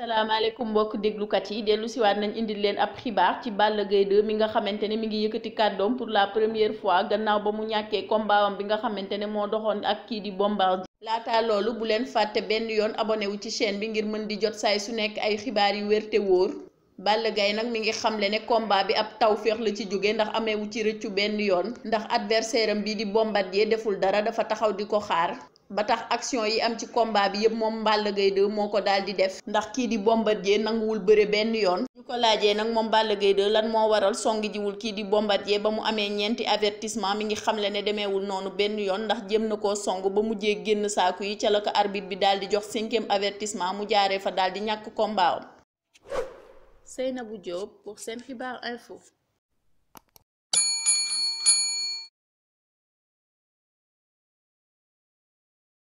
salaamaaleykum mbokk déglukat yi dellu siwaat nañ indi leen ab xibaar ci ball Gaye 2 mi nga xamante ne mi ngi yëkkati kàddoom pour la première fois gannaaw ba mu ñàkkee kombaawam bi nga xamante ne moo doxoon ak kii di Bombardier laata loolu bu leen fàtte benn yoon abonewu wu ci chaîne bi ngir mën di jot saay su nekk ay xibaar yu wér wóor Balla Gaye nag mi ngi xamle ne combat bi ab tawféex la ci jóge ndax ameewu ci rëccu benn yoon ndax adversaire am bii di Bombardier deful dara dafa taxaw di ko xaar ba tax action yi am ci combat bi yépp moom Balla Gaye 2 moo ko daal di def ndax kii di Bombardier nanguwul bëre benn yoon ñu ko laajee nag moom Balla Gaye 2 lan moo waral song jiwul kii di bombat Bombardier ba mu amee ñeenti avertissement mi ngi xamle ne demeewul noonu benn yoon ndax jëm na ko song ba mujjee génn saaku yi ca la ko arbitre bi daal di jox cinquième avertissement mu jaaree fa daal di ñàkk combat Seynabou Diop pour seen xibaar info